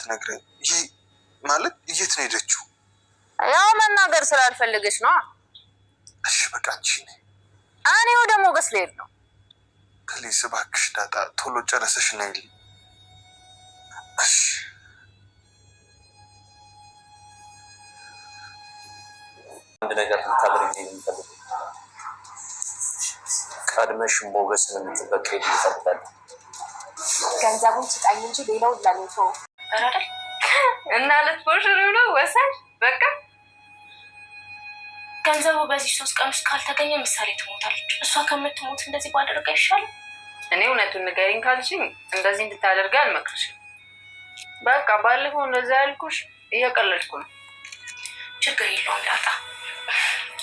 አትነግረኝ? ይሄ ማለት እየት ነው ሄደችው? ያው መናገር ስላልፈልገች ነው። እሺ በቃ አንቺ ነኝ። እኔ ወደ ሞገስ ልሄድ ነው። ፕሊስ እባክሽ ዳጣ ቶሎ ጨረሰሽ ነይልኝ። እሺ አንድ ነገር ልታደርግ የሚፈልግ ቀድመሽ ሞገስን የምትበቀ ይፈልጋል። ገንዘቡን ስጠኝ እንጂ ሌላው ለኔቶ ነበር አይደል? እና ልትቦሽሩ ነው ወሰን በቃ ገንዘቡ በዚህ ሶስት ቀን ውስጥ ካልተገኘ ምሳሌ ትሞታለች። እሷ ከምትሞት እንደዚህ ባደረገ ይሻላል። እኔ እውነቱን ንገሪኝ ካልሽኝ እንደዚህ እንድታደርገ አልመክርሽም። በቃ ባለፈው እንደዛ ያልኩሽ እየቀለድኩ ነው። ችግር የለውም ዳጣ።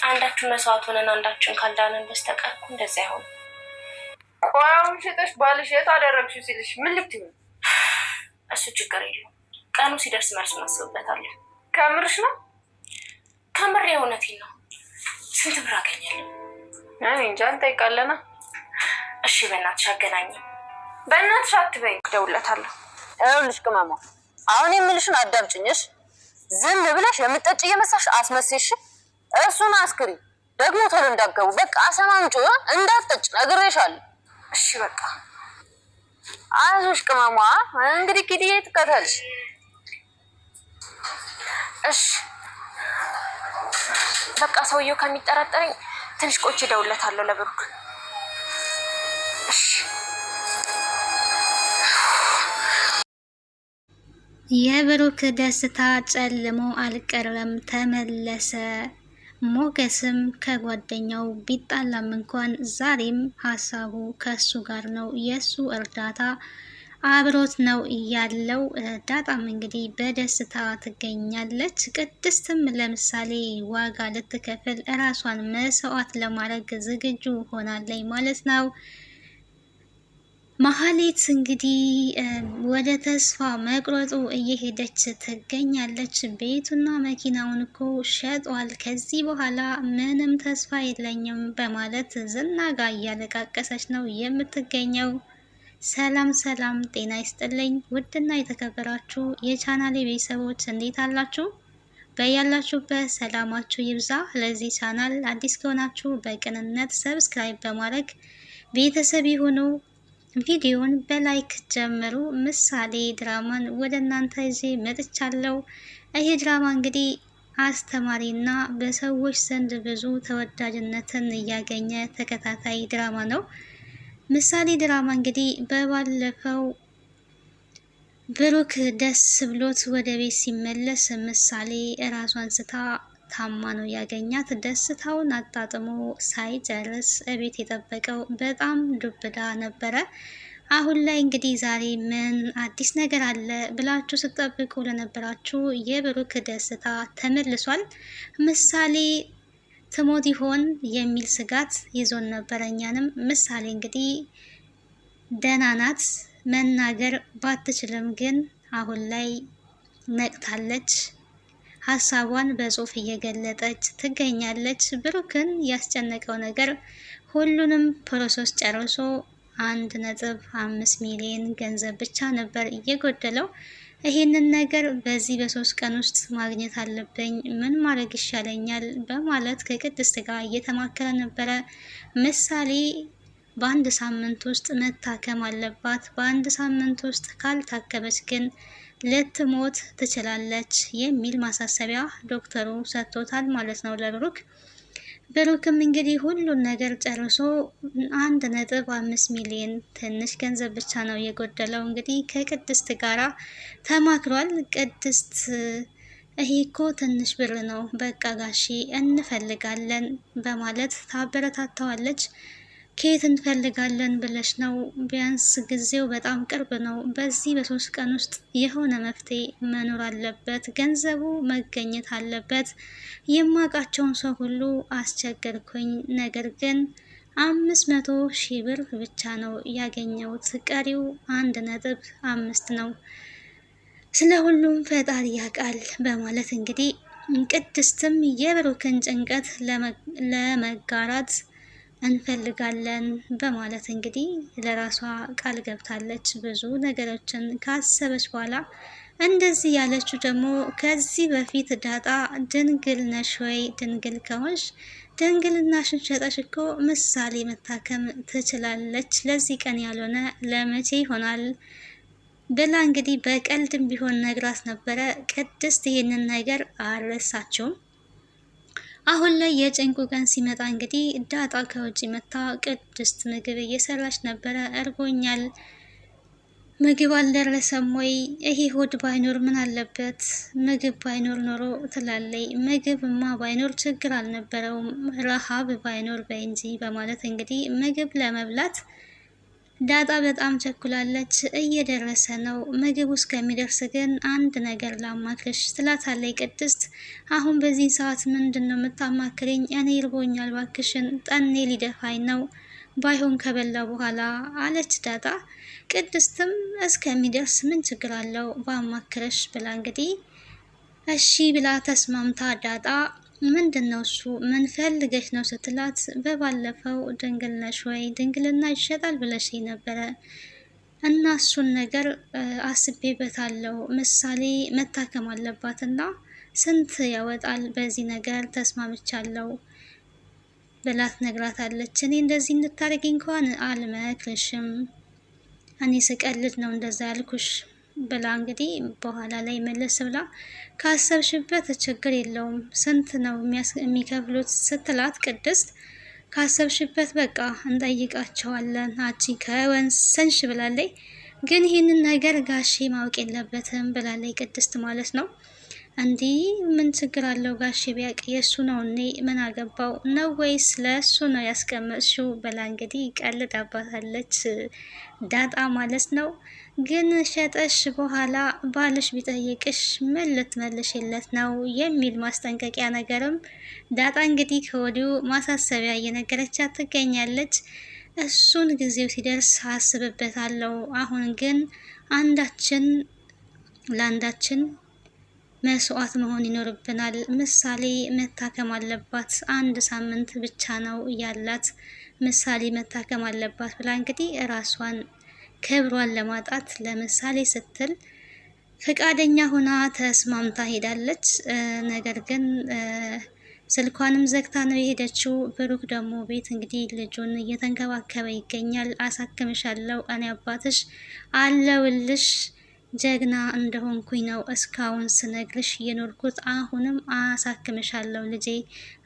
አንዳችን መስዋዕት ሆነን አንዳችን ካልዳንን በስተቀር እንደዚህ አይሆንም። ቆያውን ሽጠሽ ባልሽ የት አደረግሽው ሲልሽ ምን ልትይኝ እሱ ችግር የለውም። ቀኑ ሲደርስ መርስ እናስብበታለን። ከምርሽ ነው? ከምር የእውነት ነው። ስንት ብር አገኛለሁ? እኔ እንጃ እንጠይቃለና። እሺ በእናትሽ አገናኝ። በእናትሽ አትበይ፣ እደውልለታለሁ። ይኸውልሽ ቅመሟ፣ አሁን የምልሽን አዳምጭኝሽ። ዝም ብለሽ የምጠጭ እየመሳሽ አስመሴሽ እሱን አስክሪ ደግሞ ቶሎ እንዳገቡ በቃ አሰማምጪው፣ እንዳትጠጭ ነግሬሻለሁ። እሺ በቃ አይዞሽ ቅመሟ። እንግዲህ ኪድዬ ትከታልሽ። እሺ በቃ ሰውየው ከሚጠራጠረኝ ትንሽ ቆይቼ እደውልለታለሁ ለብሩክ። የብሩክ ደስታ ጨልሞ አልቀረም፣ ተመለሰ። ሞገስም ከጓደኛው ቢጣላም እንኳን ዛሬም ሀሳቡ ከሱ ጋር ነው፣ የሱ እርዳታ አብሮት ነው እያለው ዳጣም እንግዲህ በደስታ ትገኛለች። ቅድስትም ለምሳሌ ዋጋ ልትከፍል እራሷን መስዋዕት ለማድረግ ዝግጁ ሆናለች ማለት ነው። ማህሌት እንግዲህ ወደ ተስፋ መቁረጡ እየሄደች ትገኛለች። ቤቱና መኪናውን እኮ ሸጧል፣ ከዚህ በኋላ ምንም ተስፋ የለኝም በማለት ዝና ጋ እያለቃቀሰች ነው የምትገኘው። ሰላም ሰላም፣ ጤና ይስጥልኝ ውድና የተከበራችሁ የቻናሌ ቤተሰቦች እንዴት አላችሁ? በያላችሁበት ሰላማችሁ ይብዛ። ለዚህ ቻናል አዲስ ከሆናችሁ በቅንነት ሰብስክራይብ በማድረግ ቤተሰብ የሆነው! ቪዲዮን በላይክ ጀምሩ። ምሳሌ ድራማን ወደ እናንተ ይዤ መጥቻለሁ። ይህ ድራማ እንግዲህ አስተማሪና በሰዎች ዘንድ ብዙ ተወዳጅነትን እያገኘ ተከታታይ ድራማ ነው። ምሳሌ ድራማ እንግዲህ በባለፈው ብሩክ ደስ ብሎት ወደ ቤት ሲመለስ ምሳሌ እራሷን ስታ ታማ ነው ያገኛት። ደስታውን አጣጥሞ ሳይጨርስ እቤት የጠበቀው በጣም ዱብዳ ነበረ። አሁን ላይ እንግዲህ ዛሬ ምን አዲስ ነገር አለ ብላችሁ ስትጠብቁ ለነበራችሁ የብሩክ ደስታ ተመልሷል። ምሳሌ ትሞት ይሆን የሚል ስጋት ይዞን ነበረ። እኛንም ምሳሌ እንግዲህ ደህና ናት። መናገር ባትችልም ግን አሁን ላይ ነቅታለች። ሀሳቧን በጽሁፍ እየገለጠች ትገኛለች። ብሩክን ያስጨነቀው ነገር ሁሉንም ፕሮሰስ ጨርሶ አንድ ነጥብ አምስት ሚሊዮን ገንዘብ ብቻ ነበር እየጎደለው። ይህንን ነገር በዚህ በሶስት ቀን ውስጥ ማግኘት አለብኝ፣ ምን ማድረግ ይሻለኛል በማለት ከቅድስት ጋር እየተማከረ ነበረ። ምሳሌ በአንድ ሳምንት ውስጥ መታከም አለባት፣ በአንድ ሳምንት ውስጥ ካልታከመች ግን ልትሞት ትችላለች የሚል ማሳሰቢያ ዶክተሩ ሰጥቶታል ማለት ነው ለብሩክ። ብሩክም እንግዲህ ሁሉን ነገር ጨርሶ አንድ ነጥብ አምስት ሚሊዮን ትንሽ ገንዘብ ብቻ ነው የጎደለው። እንግዲህ ከቅድስት ጋራ ተማክሯል። ቅድስት ይሄ እኮ ትንሽ ብር ነው፣ በቃ ጋሺ እንፈልጋለን በማለት ታበረታታዋለች። ከየት እንፈልጋለን ብለሽ ነው? ቢያንስ ጊዜው በጣም ቅርብ ነው። በዚህ በሶስት ቀን ውስጥ የሆነ መፍትሄ መኖር አለበት። ገንዘቡ መገኘት አለበት። የማውቃቸውን ሰው ሁሉ አስቸገርኩኝ። ነገር ግን አምስት መቶ ሺህ ብር ብቻ ነው ያገኘሁት። ቀሪው አንድ ነጥብ አምስት ነው። ስለ ሁሉም ፈጣሪ ያውቃል በማለት እንግዲህ ቅድስትም የብሩክን ጭንቀት ለመጋራት እንፈልጋለን በማለት እንግዲህ ለራሷ ቃል ገብታለች። ብዙ ነገሮችን ካሰበች በኋላ እንደዚህ ያለችው ደግሞ ከዚህ በፊት ዳጣ ድንግል ነሽ ወይ? ድንግል ከሆንሽ ድንግልናሽን ሸጠሽ እኮ ምሳሌ መታከም ትችላለች። ለዚህ ቀን ያልሆነ ለመቼ ይሆናል ብላ እንግዲህ በቀልድም ቢሆን ነግራት ነበረ። ቅድስት ይህንን ነገር አልረሳችውም። አሁን ላይ የጭንቁ ቀን ሲመጣ እንግዲህ ዳጣ ከውጭ መታ ቅድስት ምግብ እየሰራች ነበረ። እርቦኛል፣ ምግብ አልደረሰም ወይ? ይሄ ሆድ ባይኖር ምን አለበት? ምግብ ባይኖር ኖሮ ትላለይ። ምግብማ ባይኖር ችግር አልነበረውም፣ ረሃብ ባይኖር በይ እንጂ በማለት እንግዲህ ምግብ ለመብላት ዳጣ በጣም ቸኩላለች። እየደረሰ ነው ምግቡ እስከሚደርስ ግን አንድ ነገር ላማክርሽ ትላታለች ቅድስት። አሁን በዚህ ሰዓት ምንድን ነው የምታማክርኝ? እኔ ይርቦኛል ባክሽን፣ ጠኔ ሊደፋኝ ነው ባይሆን ከበላ በኋላ አለች ዳጣ። ቅድስትም እስከሚደርስ ምን ችግር አለው ባማክረሽ ብላ እንግዲህ እሺ ብላ ተስማምታ ዳጣ ምንድን ነው እሱ ምን ፈልገሽ ነው ስትላት፣ በባለፈው ድንግል ወይ ድንግልና ይሸጣል ብለሽ ነበረ እና እሱን ነገር አስቤበታለሁ። ምሳሌ መታከም አለባት እና ስንት ያወጣል በዚህ ነገር ተስማምቻለሁ ብላት ነግራታለች። እኔ እንደዚህ እንድታደርጊ እንኳን አልመክርሽም። እኔ ስቀልድ ነው እንደዛ ያልኩሽ ብላ እንግዲህ በኋላ ላይ መለስ ብላ ካሰብሽበት ችግር የለውም ስንት ነው የሚከፍሉት ስትላት ቅድስት ካሰብሽበት በቃ እንጠይቃቸዋለን አንቺ ከወንሰንሽ ብላለይ። ግን ይህንን ነገር ጋሼ ማወቅ የለበትም ብላለይ ቅድስት ማለት ነው። እንዲ ምን ችግር አለው ጋሽ ቢያቅ የእሱ ነው እኔ ምን አገባው ነው ወይስ ለእሱ ነው ያስቀመጥሽው? በላ እንግዲህ ቀልድ አባታለች ዳጣ ማለት ነው። ግን ሸጠሽ በኋላ ባልሽ ቢጠይቅሽ ምን ልትመልሽለት ነው የሚል ማስጠንቀቂያ ነገርም ዳጣ እንግዲህ ከወዲሁ ማሳሰቢያ እየነገረች ትገኛለች። እሱን ጊዜው ሲደርስ አስብበታለሁ። አሁን ግን አንዳችን ለአንዳችን መስዋዕት መሆን ይኖርብናል። ምሳሌ መታከም አለባት። አንድ ሳምንት ብቻ ነው ያላት። ምሳሌ መታከም አለባት ብላ እንግዲህ ራሷን ክብሯን ለማጣት ለምሳሌ ስትል ፈቃደኛ ሆና ተስማምታ ሄዳለች። ነገር ግን ስልኳንም ዘግታ ነው የሄደችው። ብሩክ ደግሞ ቤት እንግዲህ ልጁን እየተንከባከበ ይገኛል። አሳክምሻለሁ፣ እኔ አባትሽ አለውልሽ ጀግና እንደሆንኩኝ ነው እስካሁን ስነግርሽ የኖርኩት። አሁንም አሳክምሻለሁ ልጄ፣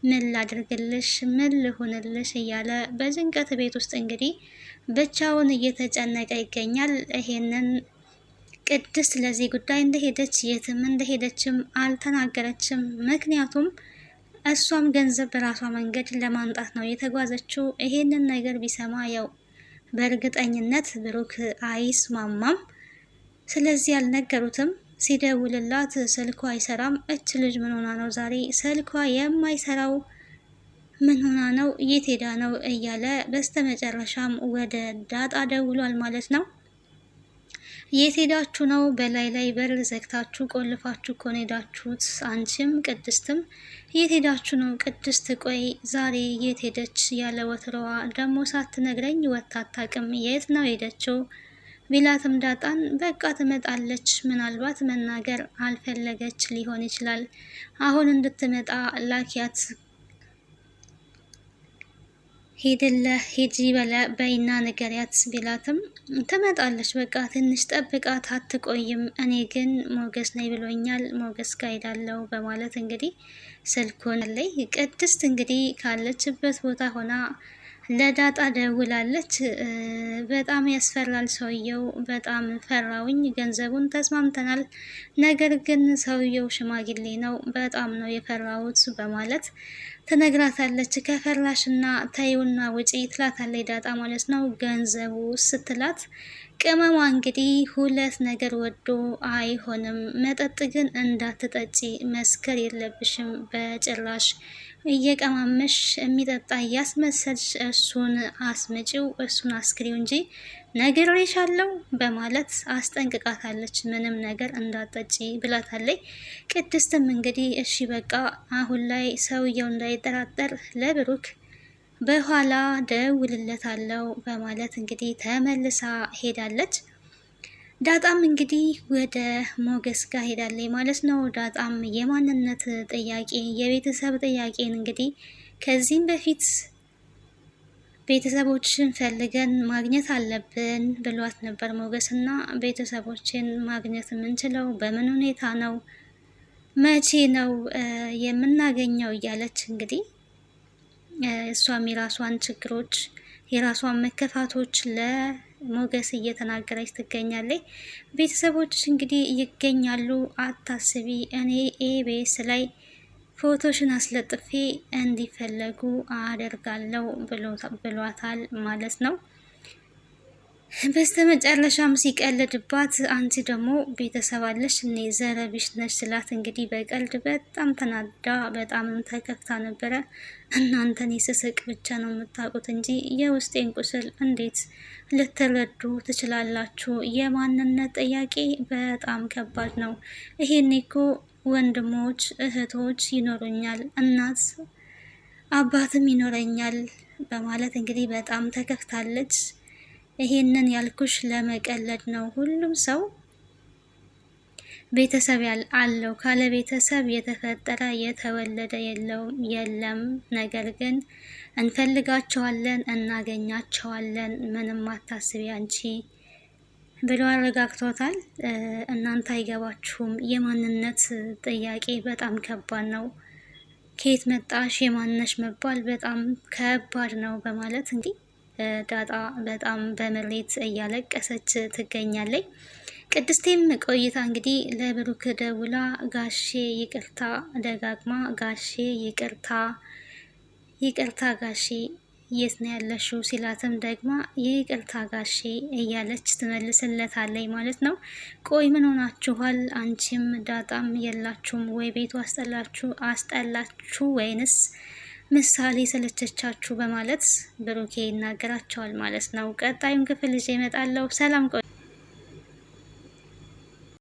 ምን ላድርግልሽ፣ ምን ልሁንልሽ እያለ በጭንቀት ቤት ውስጥ እንግዲህ ብቻውን እየተጨነቀ ይገኛል። ይሄንን ቅድስት ለዚህ ጉዳይ እንደሄደች የትም እንደሄደችም አልተናገረችም። ምክንያቱም እሷም ገንዘብ በራሷ መንገድ ለማምጣት ነው የተጓዘችው። ይሄንን ነገር ቢሰማ ያው በእርግጠኝነት ብሩክ አይስማማም። ስለዚህ ያልነገሩትም ሲደውልላት ስልኳ አይሰራም። እች ልጅ ምን ሆና ነው ዛሬ ስልኳ የማይሰራው? ምን ሆና ነው? የት ሄዳ ነው? እያለ በስተመጨረሻም ወደ ዳጣ ደውሏል ማለት ነው። የት ሄዳችሁ ነው? በላይ ላይ በር ዘግታችሁ ቆልፋችሁ እኮ ነው ሄዳችሁት። አንቺም ቅድስትም የት ሄዳችሁ ነው? ቅድስት ቆይ ዛሬ የት ሄደች? ያለ ወትሮዋ ደግሞ ሳትነግረኝ ወታ አታውቅም። የት ነው ሄደችው? ቢላትም ዳጣን በቃ ትመጣለች፣ ምናልባት መናገር አልፈለገች ሊሆን ይችላል። አሁን እንድትመጣ ላኪያት ሄደለ ሄጂ በይና ንገሪያት ቢላትም ትመጣለች፣ በቃ ትንሽ ጠብቃት፣ አትቆይም። እኔ ግን ሞገስ ላይ ብሎኛል፣ ሞገስ ጋ ሄዳለሁ በማለት እንግዲህ ስልኩን ላይ ቅድስት እንግዲህ ካለችበት ቦታ ሆና ለዳጣ ደውላለች። በጣም ያስፈራል ሰውየው፣ በጣም ፈራውኝ። ገንዘቡን ተስማምተናል፣ ነገር ግን ሰውየው ሽማግሌ ነው፣ በጣም ነው የፈራሁት በማለት ትነግራታለች። ከፈላሽና ተይውና ውጪ ትላታለች። ዳጣ ማለት ነው ገንዘቡ ስትላት ቅመሟ እንግዲህ ሁለት ነገር ወዶ አይሆንም፣ መጠጥ ግን እንዳትጠጪ መስከር የለብሽም በጭራሽ እየቀማመሽ የሚጠጣ እያስመሰልሽ እሱን አስመጪው እሱን አስክሪው እንጂ ነግሬሻለሁ በማለት አስጠንቅቃታለች። ምንም ነገር እንዳጠጪ ብላታለች። ቅድስትም እንግዲህ እሺ በቃ አሁን ላይ ሰውየው እንዳይጠራጠር ለብሩክ በኋላ ደውልለታለሁ በማለት እንግዲህ ተመልሳ ሄዳለች። ዳጣም እንግዲህ ወደ ሞገስ ጋር ሄዳለች ማለት ነው። ዳጣም የማንነት ጥያቄ የቤተሰብ ጥያቄን እንግዲህ ከዚህም በፊት ቤተሰቦችን ፈልገን ማግኘት አለብን ብሏት ነበር ሞገስ እና ቤተሰቦችን ማግኘት የምንችለው በምን ሁኔታ ነው? መቼ ነው የምናገኘው? እያለች እንግዲህ እሷም የራሷን ችግሮች የራሷን መከፋቶች ለሞገስ እየተናገረች ትገኛለች። ቤተሰቦች እንግዲህ ይገኛሉ፣ አታስቢ እኔ ኤቤስ ላይ ፎቶሽን አስለጥፌ እንዲፈለጉ አደርጋለሁ ብሏታል ማለት ነው። በስተመጨረሻም ሲቀልድባት አንቺ ደግሞ ቤተሰብ አለሽ እኔ ዘረቢሽ ነሽ ስላት እንግዲህ በቀልድ በጣም ተናዳ በጣምም ተከፍታ ነበረ። እናንተን የስስቅ ብቻ ነው የምታውቁት እንጂ የውስጤን ቁስል እንዴት ልትረዱ ትችላላችሁ? የማንነት ጥያቄ በጣም ከባድ ነው። ይሄኔ እኮ ወንድሞች፣ እህቶች ይኖሩኛል፣ እናት አባትም ይኖረኛል በማለት እንግዲህ በጣም ተከፍታለች። ይሄንን ያልኩሽ ለመቀለድ ነው። ሁሉም ሰው ቤተሰብ አለው። ካለ ቤተሰብ የተፈጠረ የተወለደ የለም። ነገር ግን እንፈልጋቸዋለን፣ እናገኛቸዋለን። ምንም አታስቢ አንቺ ብሎ አረጋግቷታል። እናንተ አይገባችሁም፣ የማንነት ጥያቄ በጣም ከባድ ነው፣ ከየት መጣሽ የማንነሽ መባል በጣም ከባድ ነው በማለት እንግዲህ ዳጣ በጣም በምሬት እያለቀሰች ትገኛለች። ቅድስቴም ቆይታ እንግዲህ ለብሩክ ደውላ ጋሼ ይቅርታ ደጋግማ ጋሼ ይቅርታ ይቅርታ ጋሼ የት ነው ያለሽው ሲላትም ደግማ ይቅርታ ጋሼ እያለች ትመልስለታለች ማለት ነው። ቆይ ምን ሆናችኋል? አንቺም ዳጣም የላችሁም ወይ? ቤቱ አስጠላችሁ አስጠላችሁ ወይንስ ምሳሌ ሰለቸቻችሁ? በማለት ብሩኬ ይናገራቸዋል ማለት ነው። ቀጣዩን ክፍል ይዤ እመጣለሁ። ሰላም ቆይ